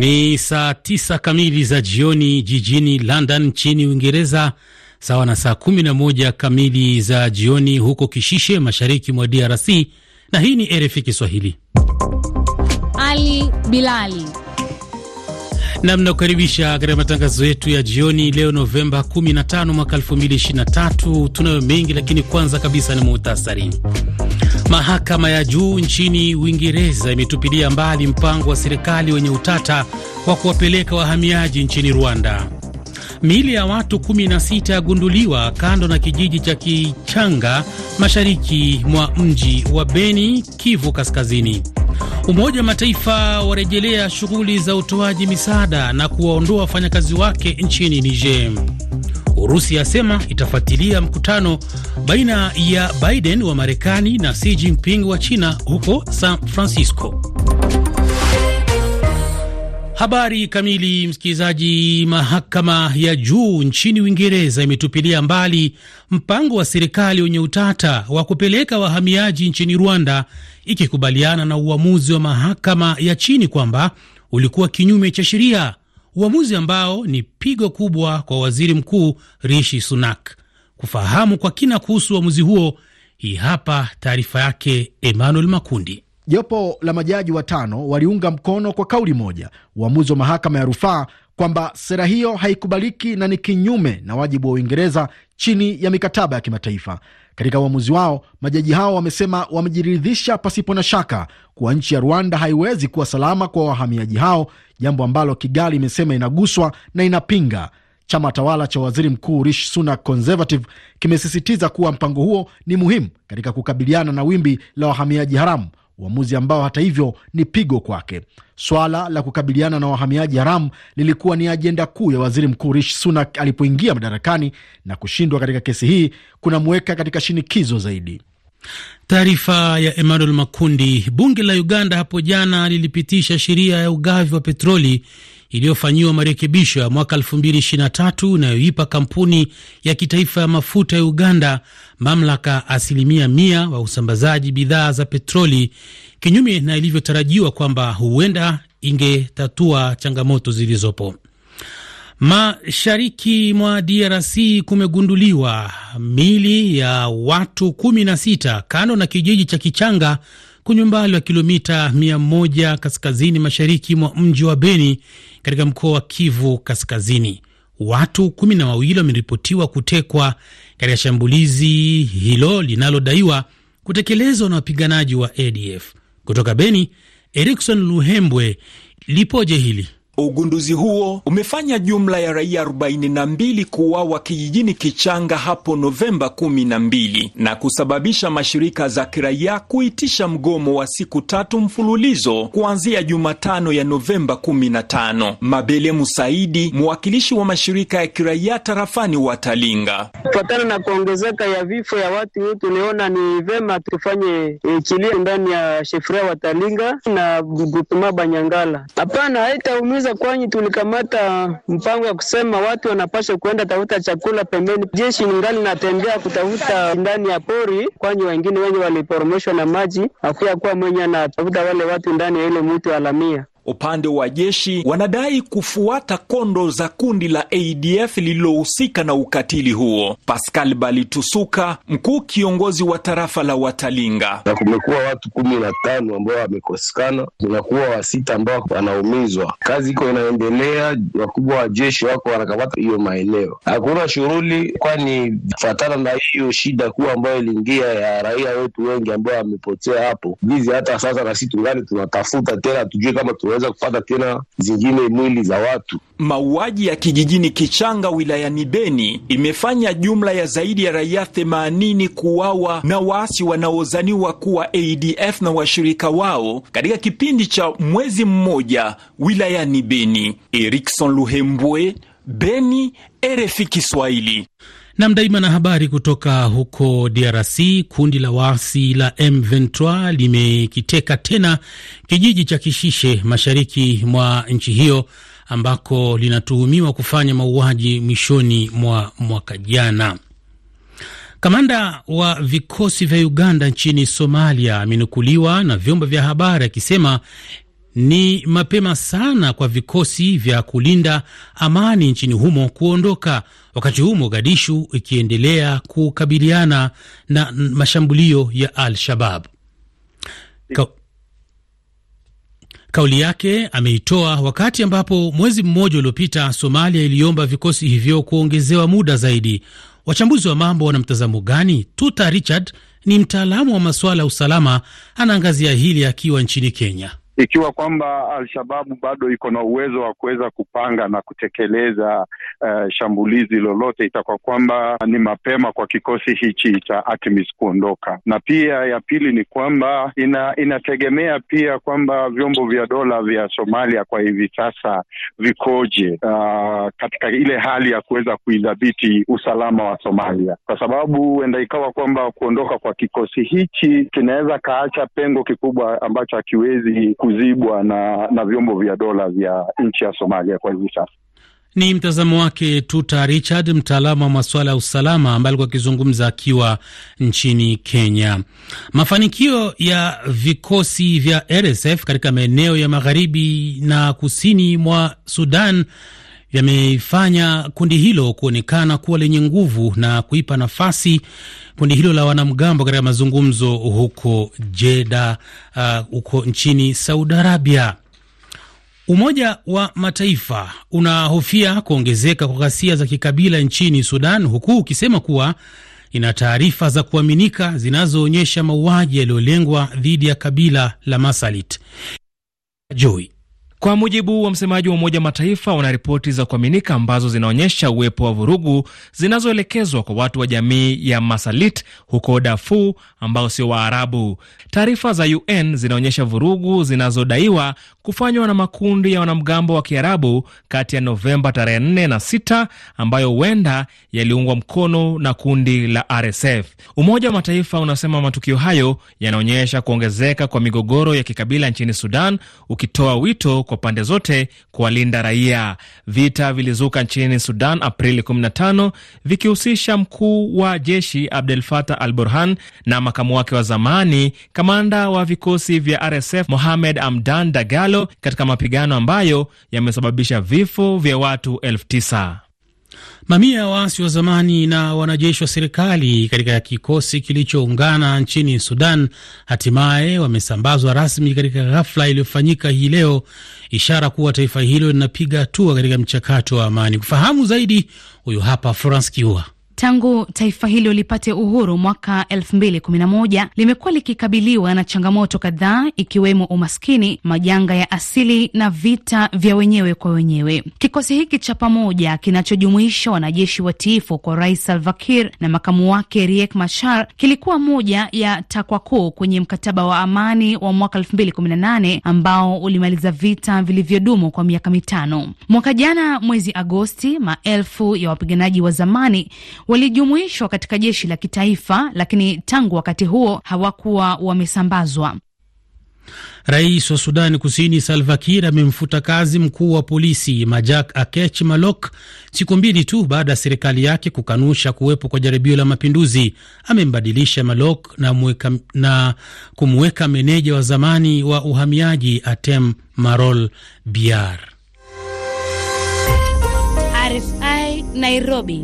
Ni saa tisa kamili za jioni jijini London nchini Uingereza, sawa na saa kumi na moja kamili za jioni huko Kishishe, mashariki mwa DRC. Na hii ni RFI Kiswahili. Ali Bilali nam nakukaribisha katika matangazo yetu ya jioni leo Novemba 15 mwaka 2023. Tunayo mengi, lakini kwanza kabisa ni muhtasari Mahakama ya juu nchini Uingereza imetupilia mbali mpango wa serikali wenye utata wa kuwapeleka wahamiaji nchini Rwanda. Miili ya watu 16 yagunduliwa kando na kijiji cha Kichanga mashariki mwa mji wa Beni, Kivu Kaskazini. Umoja wa Mataifa warejelea shughuli za utoaji misaada na kuwaondoa wafanyakazi wake nchini Niger. Urusi yasema itafuatilia mkutano baina ya Biden wa Marekani na Xi Jinping wa China huko San Francisco. Habari kamili, msikilizaji. Mahakama ya juu nchini Uingereza imetupilia mbali mpango wa serikali wenye utata wa kupeleka wahamiaji nchini Rwanda, ikikubaliana na uamuzi wa mahakama ya chini kwamba ulikuwa kinyume cha sheria uamuzi ambao ni pigo kubwa kwa waziri mkuu Rishi Sunak. Kufahamu kwa kina kuhusu uamuzi huo, hii hapa taarifa yake Emmanuel Makundi. Jopo la majaji watano waliunga mkono kwa kauli moja uamuzi wa mahakama ya rufaa kwamba sera hiyo haikubaliki na ni kinyume na wajibu wa Uingereza chini ya mikataba ya kimataifa. Katika uamuzi wao, majaji hao wamesema wamejiridhisha pasipo na shaka kuwa nchi ya Rwanda haiwezi kuwa salama kwa wahamiaji hao, jambo ambalo Kigali imesema inaguswa na inapinga. Chama tawala cha waziri mkuu Rishi Sunak Conservative kimesisitiza kuwa mpango huo ni muhimu katika kukabiliana na wimbi la wahamiaji haramu uamuzi ambao hata hivyo ni pigo kwake. Swala la kukabiliana na wahamiaji haramu lilikuwa ni ajenda kuu ya waziri mkuu Rishi Sunak alipoingia madarakani, na kushindwa katika kesi hii kunamuweka katika shinikizo zaidi. Taarifa ya Emmanuel Makundi. Bunge la Uganda hapo jana lilipitisha sheria ya ugavi wa petroli iliyofanyiwa marekebisho ya mwaka 2023 inayoipa kampuni ya kitaifa ya mafuta ya Uganda mamlaka asilimia mia wa usambazaji bidhaa za petroli, kinyume na ilivyotarajiwa kwamba huenda ingetatua changamoto zilizopo. Mashariki mwa DRC kumegunduliwa mili ya watu kumi na sita kando na kijiji cha Kichanga kwenye umbali wa kilomita mia moja kaskazini mashariki mwa mji wa Beni katika mkoa wa Kivu Kaskazini. Watu kumi na wawili wameripotiwa kutekwa katika shambulizi hilo linalodaiwa kutekelezwa na wapiganaji wa ADF kutoka Beni. Erikson Luhembwe, lipoje hili? Ugunduzi huo umefanya jumla ya raia 42 kuuawa kijijini Kichanga hapo Novemba 12 na kusababisha mashirika za kiraia kuitisha mgomo wa siku tatu mfululizo kuanzia Jumatano ya Novemba 15. Mabele Musaidi, mwakilishi wa mashirika ya kiraia tarafani Watalinga: kufatana na kuongezeka ya vifo ya watu wetu, tuliona ni vema tufanye e, kilio ndani ya shefuria Watalinga na gutuma Banyangala. Hapana, haitaumiza kwanza kwani tulikamata mpango ya kusema watu wanapaswa kuenda tafuta chakula pembeni. Jeshi ningali natembea kutafuta ndani ya pori, kwani wengine wenye waliporomeshwa na maji, hakuya kuwa mwenye anatafuta wale watu ndani ya ile mwitu alamia Upande wa jeshi wanadai kufuata kondo za kundi la ADF lililohusika na ukatili huo. Pascal Balitusuka, mkuu kiongozi wa tarafa la Watalinga: na kumekuwa watu kumi na tano ambao wamekosekana, kunakuwa wasita ambao wanaumizwa. Kazi iko inaendelea, wakubwa wa jeshi wako wanakamata hiyo maeneo, hakuna shughuli, kwani fatana na hiyo shida kuwa ambayo iliingia ya raia wetu wengi ambao wamepotea hapo vizi. Hata sasa na sisi tungali tunatafuta tena, tujue kama tu kuweza kupata tena zingine mwili za watu. Mauaji ya kijijini Kichanga wilayani Beni imefanya jumla ya zaidi ya raia 80 kuuawa na waasi wanaozaniwa kuwa ADF na washirika wao katika kipindi cha mwezi mmoja wilayani Beni. Erikson Luhembwe, Beni, RFI Kiswahili nam daima. Na habari kutoka huko DRC, kundi la waasi la M23 limekiteka tena kijiji cha Kishishe mashariki mwa nchi hiyo ambako linatuhumiwa kufanya mauaji mwishoni mwa mwaka jana. Kamanda wa vikosi vya Uganda nchini Somalia amenukuliwa na vyombo vya habari akisema ni mapema sana kwa vikosi vya kulinda amani nchini humo kuondoka, wakati huu Mogadishu ikiendelea kukabiliana na mashambulio ya Al-Shabab. Ka kauli yake ameitoa wakati ambapo mwezi mmoja uliopita Somalia iliomba vikosi hivyo kuongezewa muda zaidi. Wachambuzi wa mambo wana mtazamo gani? Tuta Richard ni mtaalamu wa masuala ya usalama, anaangazia hili akiwa nchini Kenya ikiwa kwamba Alshababu bado iko na uwezo wa kuweza kupanga na kutekeleza uh, shambulizi lolote, itakuwa kwamba ni mapema kwa kikosi hichi cha ATMIS kuondoka. Na pia ya pili ni kwamba ina, inategemea pia kwamba vyombo vya dola vya Somalia kwa hivi sasa vikoje, uh, katika ile hali ya kuweza kuidhibiti usalama wa Somalia, kwa sababu huenda ikawa kwamba kuondoka kwa kikosi hichi kinaweza kaacha pengo kikubwa ambacho hakiwezi ku kuzibwa na, na vyombo vya dola vya nchi ya Somalia kwa hivi sasa. Ni mtazamo wake Tuta Richard, mtaalamu wa masuala ya usalama ambaye alikuwa akizungumza akiwa nchini Kenya. Mafanikio ya vikosi vya RSF katika maeneo ya magharibi na kusini mwa Sudan yameifanya kundi hilo kuonekana kuwa lenye nguvu na kuipa nafasi kundi hilo la wanamgambo katika mazungumzo huko jeda uh, huko nchini Saudi Arabia. Umoja wa Mataifa unahofia kuongezeka kwa ghasia za kikabila nchini Sudan, huku ukisema kuwa ina taarifa za kuaminika zinazoonyesha mauaji yaliyolengwa dhidi ya kabila la Masalit. Joy kwa mujibu wa msemaji wa Umoja Mataifa, wana ripoti za kuaminika ambazo zinaonyesha uwepo wa vurugu zinazoelekezwa kwa watu wa jamii ya Masalit huko dafu ambao sio Waarabu. Taarifa za UN zinaonyesha vurugu zinazodaiwa kufanywa na makundi ya wanamgambo wa Kiarabu kati ya Novemba tarehe 4 na 6, ambayo huenda yaliungwa mkono na kundi la RSF. Umoja wa Mataifa unasema matukio hayo yanaonyesha kuongezeka kwa migogoro ya kikabila nchini Sudan, ukitoa wito kwa pande zote kuwalinda raia. Vita vilizuka nchini Sudan Aprili 15 vikihusisha mkuu wa jeshi Abdel Fattah al Burhan na makamu wake wa zamani kamanda wa vikosi vya RSF Mohamed Amdan Dagalo katika mapigano ambayo yamesababisha vifo vya watu elfu tisa. Mamia ya waasi wa zamani na wanajeshi wa serikali katika kikosi kilichoungana nchini Sudan hatimaye wamesambazwa rasmi katika ghafla iliyofanyika hii leo, ishara kuwa taifa hilo linapiga hatua katika mchakato wa amani. Kufahamu zaidi, huyu hapa Florence Kiua. Tangu taifa hilo lipate uhuru mwaka 2011 limekuwa likikabiliwa na changamoto kadhaa ikiwemo umaskini, majanga ya asili na vita vya wenyewe kwa wenyewe. Kikosi hiki cha pamoja kinachojumuisha wanajeshi watiifu kwa Rais Salva Kiir na makamu wake Riek Machar kilikuwa moja ya takwa kuu kwenye mkataba wa amani wa mwaka 2018 ambao ulimaliza vita vilivyodumu kwa miaka mitano. Mwaka jana mwezi Agosti, maelfu ya wapiganaji wa zamani walijumuishwa katika jeshi la kitaifa, lakini tangu wakati huo hawakuwa wamesambazwa. Rais wa Sudani Kusini Salva Kiir amemfuta kazi mkuu wa polisi Majak Akech Malok siku mbili tu baada ya serikali yake kukanusha kuwepo kwa jaribio la mapinduzi. Amembadilisha Malok na, mweka, na kumweka meneja wa zamani wa uhamiaji Atem Marol Biar. RFI Nairobi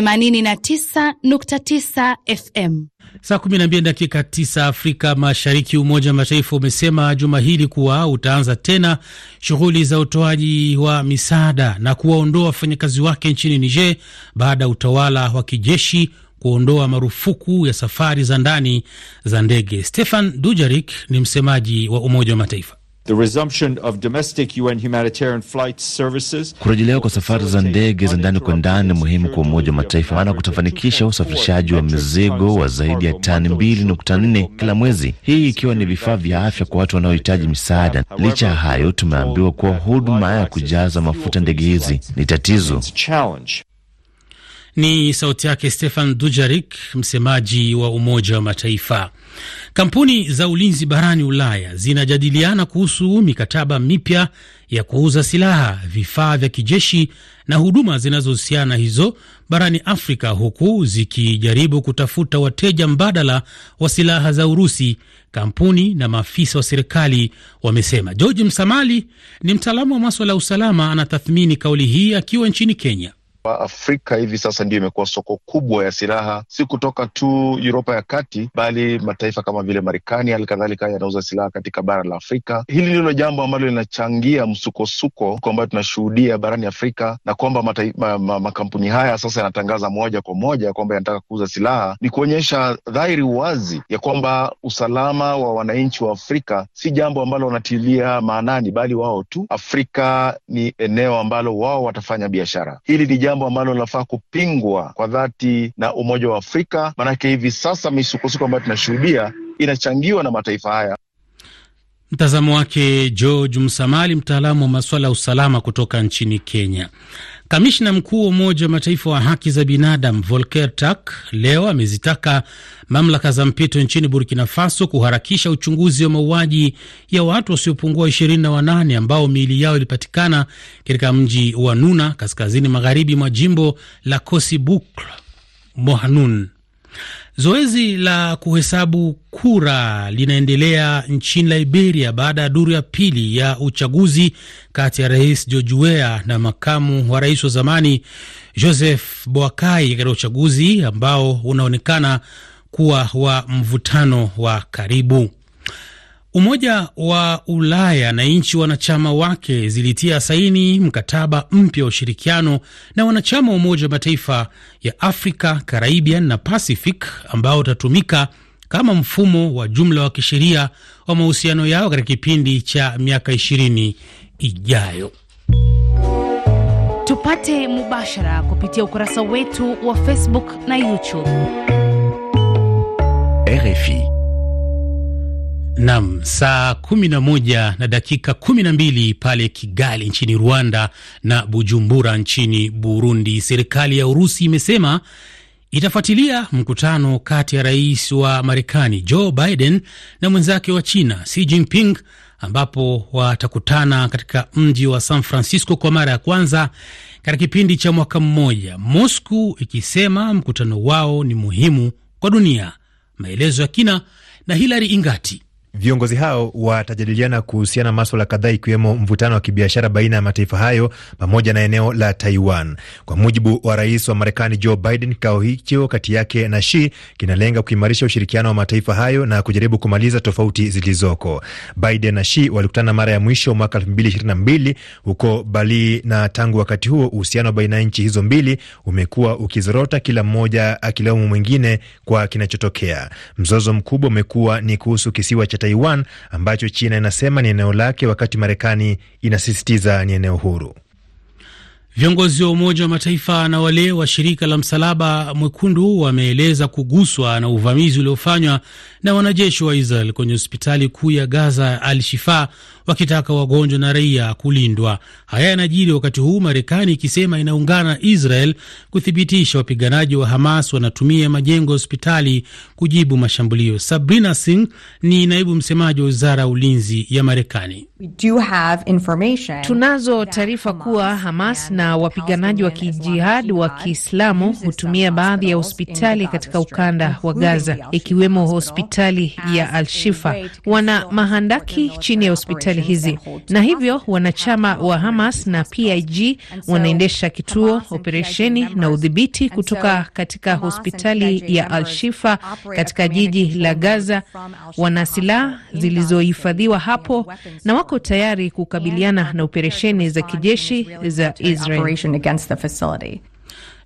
89.9 FM. Saa 12 dakika 9 Afrika Mashariki. Umoja wa Mataifa umesema juma hili kuwa utaanza tena shughuli za utoaji wa misaada na kuwaondoa wafanyakazi wake nchini Niger baada ya utawala wa kijeshi kuondoa marufuku ya safari za ndani za ndege. Stefan Dujarik ni msemaji wa Umoja wa Mataifa. The resumption of domestic UN humanitarian flight services. Kurejelewa kwa safari za ndege za ndani kwa ndani ni muhimu kwa Umoja wa Mataifa, maana kutafanikisha usafirishaji wa mizigo wa zaidi ya tani 2.4 kila mwezi, hii ikiwa ni vifaa vya afya kwa watu wanaohitaji misaada. Licha ya hayo, tumeambiwa kuwa huduma ya kujaza mafuta ndege hizi ni tatizo. Ni sauti yake Stefan Dujarik, msemaji wa Umoja wa Mataifa. Kampuni za ulinzi barani Ulaya zinajadiliana kuhusu mikataba mipya ya kuuza silaha, vifaa vya kijeshi na huduma zinazohusiana hizo barani Afrika, huku zikijaribu kutafuta wateja mbadala wa silaha za Urusi, kampuni na maafisa wa serikali wamesema. George Msamali ni mtaalamu wa maswala ya usalama, anatathmini kauli hii akiwa nchini Kenya. Afrika hivi sasa ndio imekuwa soko kubwa ya silaha, si kutoka tu Uropa ya kati, bali mataifa kama vile Marekani hali kadhalika yanauza silaha katika bara la Afrika. Hili ndilo jambo ambalo linachangia msukosuko ambayo tunashuhudia barani Afrika, na kwamba ma, ma, makampuni haya sasa yanatangaza moja kwa moja kwamba yanataka kuuza silaha, ni kuonyesha dhahiri wazi ya kwamba usalama wa wananchi wa Afrika si jambo ambalo wanatilia maanani, bali wao tu Afrika ni eneo ambalo wao watafanya biashara. Hili ni jambo ambalo linafaa kupingwa kwa dhati na Umoja wa Afrika, maanake hivi sasa misukosuko ambayo tunashuhudia inachangiwa na mataifa haya. Mtazamo wake George Msamali, mtaalamu wa masuala ya usalama kutoka nchini Kenya. Kamishna mkuu wa Umoja wa Mataifa wa haki za binadamu Volker Turk leo amezitaka mamlaka za mpito nchini Burkina Faso kuharakisha uchunguzi wa mauaji ya watu wasiopungua 28 ambao miili yao ilipatikana katika mji wa Nuna kaskazini magharibi mwa jimbo la Kosi Bukle Mohanun. Zoezi la kuhesabu kura linaendelea nchini Liberia baada ya duru ya pili ya uchaguzi kati ya Rais George Weah na makamu wa rais wa zamani Joseph Boakai katika uchaguzi ambao unaonekana kuwa wa mvutano wa karibu. Umoja wa Ulaya na nchi wanachama wake zilitia saini mkataba mpya wa ushirikiano na wanachama wa Umoja wa Mataifa ya Afrika, Caribbean na Pacific ambao utatumika kama mfumo wa jumla wa kisheria wa mahusiano yao katika kipindi cha miaka 20 ijayo. Tupate mubashara kupitia ukurasa wetu wa Facebook na YouTube. RFI Nam, saa kumi na moja na dakika kumi na mbili pale Kigali nchini Rwanda na Bujumbura nchini Burundi. Serikali ya Urusi imesema itafuatilia mkutano kati ya rais wa Marekani Joe Biden na mwenzake wa China Xi Jinping ambapo watakutana katika mji wa San Francisco kwa mara ya kwanza katika kipindi cha mwaka mmoja, Moscow ikisema mkutano wao ni muhimu kwa dunia. Maelezo ya kina na Hilary Ingati. Viongozi hao watajadiliana kuhusiana maswala kadhaa ikiwemo mvutano wa kibiashara baina ya mataifa hayo pamoja na eneo la Taiwan. Kwa mujibu wa rais wa Marekani Joe Biden, kikao hicho kati yake na Shi kinalenga kuimarisha ushirikiano wa mataifa hayo na kujaribu kumaliza tofauti zilizoko. Biden na Shi walikutana mara ya mwisho mwaka 2022 huko Bali, na tangu wakati huo uhusiano baina ya nchi hizo mbili umekuwa ukizorota, kila mmoja akilaumu mwingine kwa kinachotokea. Mzozo mkubwa umekuwa ni kuhusu kisiwa cha Taiwan ambacho China inasema ni eneo lake, wakati Marekani inasisitiza ni eneo huru. Viongozi wa Umoja wa Mataifa na wale wa shirika la Msalaba Mwekundu wameeleza kuguswa na uvamizi uliofanywa na wanajeshi wa Israel kwenye hospitali kuu ya Gaza ya Al Shifa, wakitaka wagonjwa na raia kulindwa. Haya yanajiri wakati huu Marekani ikisema inaungana Israel kuthibitisha wapiganaji wa Hamas wanatumia majengo ya hospitali kujibu mashambulio. Sabrina Singh ni naibu msemaji wa wizara ya ulinzi ya Marekani. Tunazo taarifa kuwa Hamas na wapiganaji wa kijihadi wa Kiislamu hutumia baadhi ya hospitali katika ukanda wa Gaza, ikiwemo hospitali ya Al-Shifa. Wana mahandaki chini ya hospitali serikali hizi, na hivyo wanachama wa Hamas na PIG wanaendesha kituo, operesheni na udhibiti kutoka katika hospitali ya Al-Shifa katika jiji la Gaza. Wana silaha zilizohifadhiwa hapo na wako tayari kukabiliana na operesheni za kijeshi za Israel.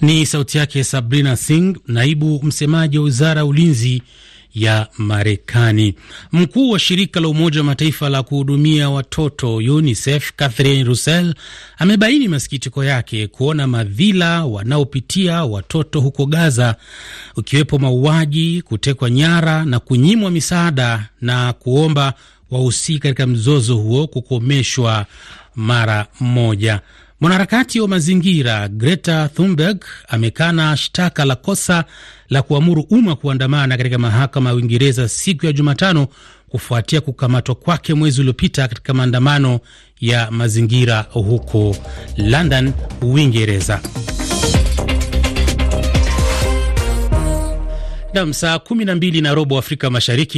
Ni sauti yake Sabrina Singh, naibu msemaji wa wizara ya ulinzi ya Marekani. Mkuu wa shirika la Umoja wa Mataifa la kuhudumia watoto UNICEF Catherine Russell amebaini masikitiko yake kuona madhila wanaopitia watoto huko Gaza, ukiwepo mauaji, kutekwa nyara na kunyimwa misaada, na kuomba wahusika katika mzozo huo kukomeshwa mara moja. Mwanaharakati wa mazingira Greta Thunberg amekana shtaka la kosa la kuamuru umma kuandamana katika mahakama ya Uingereza siku ya Jumatano kufuatia kukamatwa kwake mwezi uliopita katika maandamano ya mazingira huko London, Uingereza. Nam, saa 12 na robo Afrika Mashariki.